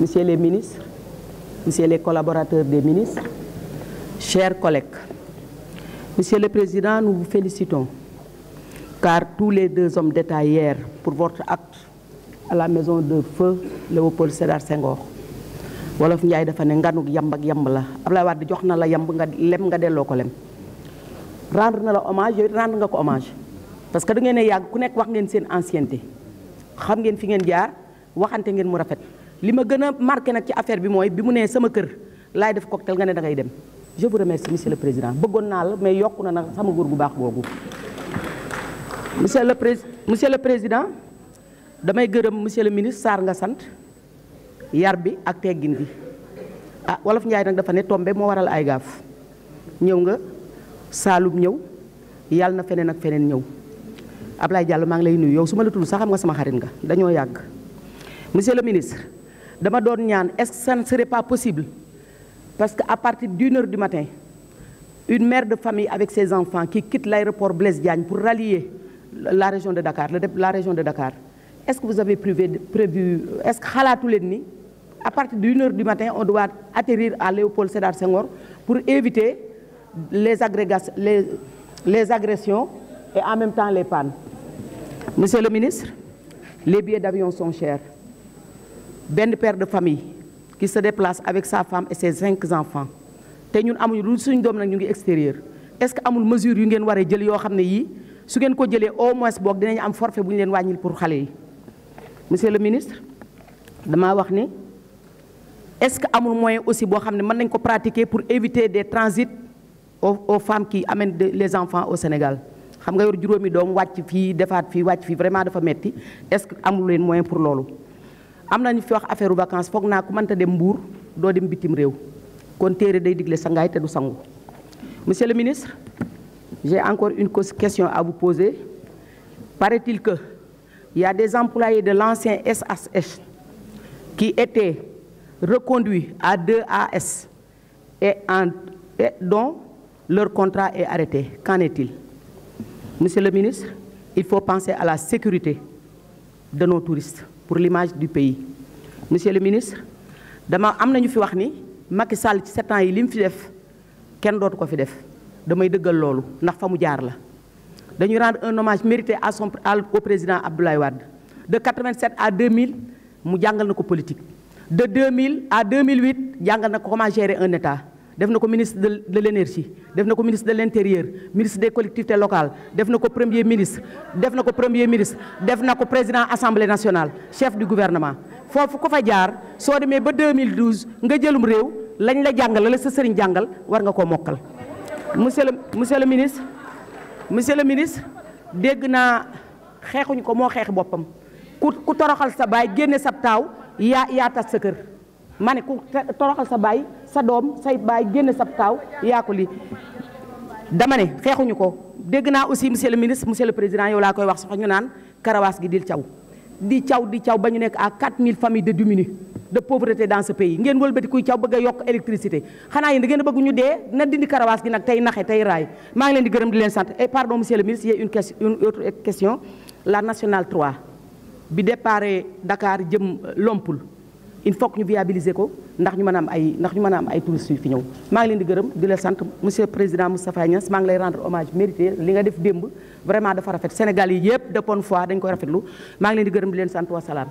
messieurs les ministres, messieurs les collaborateur des ministres, chers collègues, Monsieur le Président, nous vous félicitons car tous les deux hommes d'État hier pour votre acte à la maison de feu Léopold Sédar Senghor wolof Njaay dafa ne nganuk yamb ak yamb la Ablaye di jox na la yamb nga lem nga delloo ko lem rendre na la hommage yooyu rendre nga ko hommage parce que da ngeen ne yàgg ku nekk wax ngeen seen ancienneté xam ngeen fi ngeen jaar waxante ngeen mu rafet li ma gën a marqué nag ci affaire bi mooy bi mu nee sama kër laay def cocktail nga ne da dem je vous remercie monsieur le président bëggoon naa la mais yokku na nag sama góor gu baax googu. monsieur le prés monsieur le président damay gërëm monsieur le ministre Sarr nga sant yar bi ak teggin bi ah wolof Njaay nag dafa ne tombe moo waral ay gaaf ñëw nga Saalum ñëw yàlla na feneen ak feneen ñëw. Ablaye jàll maa ngi lay nuyu yow su ma la tudd sax xam nga sama xarit nga dañoo yàgg monsieur le ministre. dama doon ñaan est-ce que ça ne serait pas possible parce que à partir d'une heure du matin une mère de famille avec ses enfants qui quitte l'aéroport Blaise Diagne pour rallier la région de Dakar la région de Dakar est-ce que vous avez prévu prévu est-ce que xalaatu leen ni à partir d'une heure du matin on doit atterrir à Léopold Sédar Senghor pour éviter les agrégas les les agressions et en même temps les pannes monsieur le ministre les billets d'avion son chers benn père de famille qui se déplace avec sa femme et ses cinq enfants te ñun amuñu lu suñ doom nag ñu ngi extérieur est-ce que amul mesure yu ngeen waree jël yoo xam ne yii su ngeen ko jëlee au moins boog dinañ am forfait bu ñu leen wàññil pour xale yi monsieur le ministre damaa wax ni est-ce que amul moyen aussi boo xam ne mën nañ ko pratiquer pour éviter des transits aux aux femmes qui amènent les enfants au Sénégal xam nga yor juróomi doom wàcc fii defaat fii wàcc fii dafa metti est-ce que amul leen moyen pour loolu. am nañu fi wax affaire vacances foog naa ku mënta dem mbuur doo dem bitim réew kon téere day digle sangaay te du sangu monsieur le ministre j'ai encore une question à vous poser paraît-il que il y a des employés de l'ancien SHS qui étaient reconduits à 2AS et, en, et dont leur contrat est arrêté qu'en il monsieur le ministre il faut penser à la sécurité de nos touristes pour l'image du pays monsieur le ministre dama am na ñu fi wax ni Macky Sall ci sept ans yi li mu fi def kenn dootu ko fi def damay dëggal loolu ndax fa mu jaar la dañuy rendre un hommage mérité à son au président Abdoulaye Wade de 87 à mille mu jàngal na ko politique de mille à 2008 jàngal na ko comment gérer un état def na ko ministre de de l'énergie def na ko ministre de l'intérieur ministre des collectivités locales def na ko premier ministre def na ko premier ministre def na ko président assemblée nationale chef du gouvernement foofu ko fa jaar soo demee ba 2012 nga jëlum réew lañ la jàngal la sa sëriñ jàngal war nga koo mokkal monsieur le monsieur le ministre monsieur le ministre dégg naa xeexuñ ko moo xeex boppam ku ku toroxal sa baay génne sa taaw yaa yaa tas sa kër ma ne ku toroxal sa baay sa doom sa baay génn sa taaw yaa ko lii dama ne xeexuñu ko dégg naa aussi monsieur le ministre monsieur le président yow laa koy wax sax ñu naan karawaas gi dil caw di caw di caw ba ñu nekk à 4000 familles de diminuées de pauvreté dans ce pays ngeen wëlbati kuy caw bëgg yokk électricité xanaa yéen da ngeen a bëgg ñu dee na dindi karawaas gi nag tey naxe tey raay maa ngi leen di gërëm di leen sant et pardon monsieur le ministre y a la nationale 3 bi départ Dakar jëm Lompoul il faut que ñu viabiliser ko ndax ñu mën am ay ndax ñu mën a am ay touristes yu fi ñëw maa ngi leen di gërëm di la sant monsieur le président Moustapha Niass maa ngi lay rendre hommage mérité li nga def démb vraiment dafa rafet Sénégal yi yëpp de bonne foi dañ koy rafetlu maa ngi leen di gërëm di leen sant wasalaam